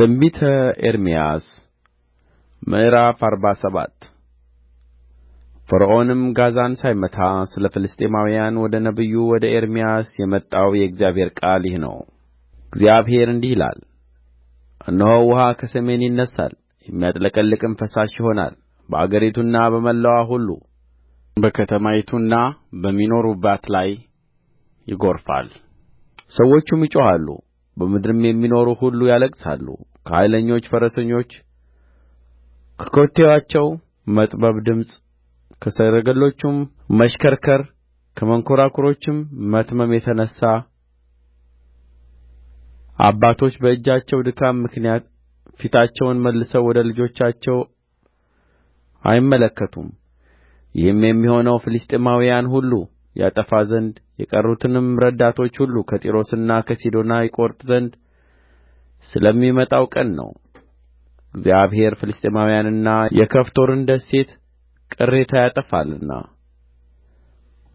ትንቢተ ኤርምያስ ምዕራፍ አርባ ሰባት ፈርዖንም ጋዛን ሳይመታ ስለ ፍልስጥኤማውያን ወደ ነቢዩ ወደ ኤርምያስ የመጣው የእግዚአብሔር ቃል ይህ ነው እግዚአብሔር እንዲህ ይላል እነሆ ውኃ ከሰሜን ይነሣል የሚያጥለቀልቅም ፈሳሽ ይሆናል በአገሪቱና በመላዋ ሁሉ በከተማይቱና በሚኖሩባት ላይ ይጐርፋል ሰዎቹም ይጮኻሉ በምድርም የሚኖሩ ሁሉ ያለቅሳሉ ከኃይለኞች ፈረሰኞች ከኮቴያቸው መጠብጠብ ድምፅ ከሰረገሎቹም መሽከርከር ከመንኰራኵሮችም መትመም የተነሣ አባቶች በእጃቸው ድካም ምክንያት ፊታቸውን መልሰው ወደ ልጆቻቸው አይመለከቱም ይህም የሚሆነው ፍልስጥኤማውያን ሁሉ ያጠፋ ዘንድ የቀሩትንም ረዳቶች ሁሉ ከጢሮስና ከሲዶና ይቈርጥ ዘንድ ስለሚመጣው ቀን ነው እግዚአብሔር ፍልስጥኤማውያንና የከፍቶርን ደሴት ቅሬታ ያጠፋልና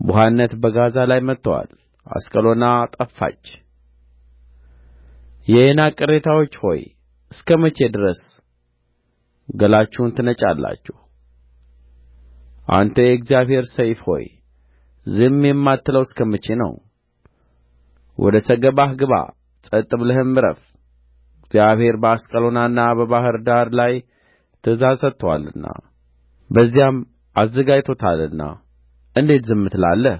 ቡሀነት በጋዛ ላይ መጥቶአል አስቀሎና ጠፋች የዔናቅ ቅሬታዎች ሆይ እስከ መቼ ድረስ ገላችሁን ትነጫላችሁ አንተ የእግዚአብሔር ሰይፍ ሆይ ዝም የማትለው እስከ መቼ ነው ወደ ሰገባህ ግባ ጸጥ ብለህም ዕረፍ እግዚአብሔር በአስቀሎናና በባሕር ዳር ላይ ትእዛዝ ሰጥቶአልና በዚያም አዘጋጅቶታልና እንዴት ዝም ትላለህ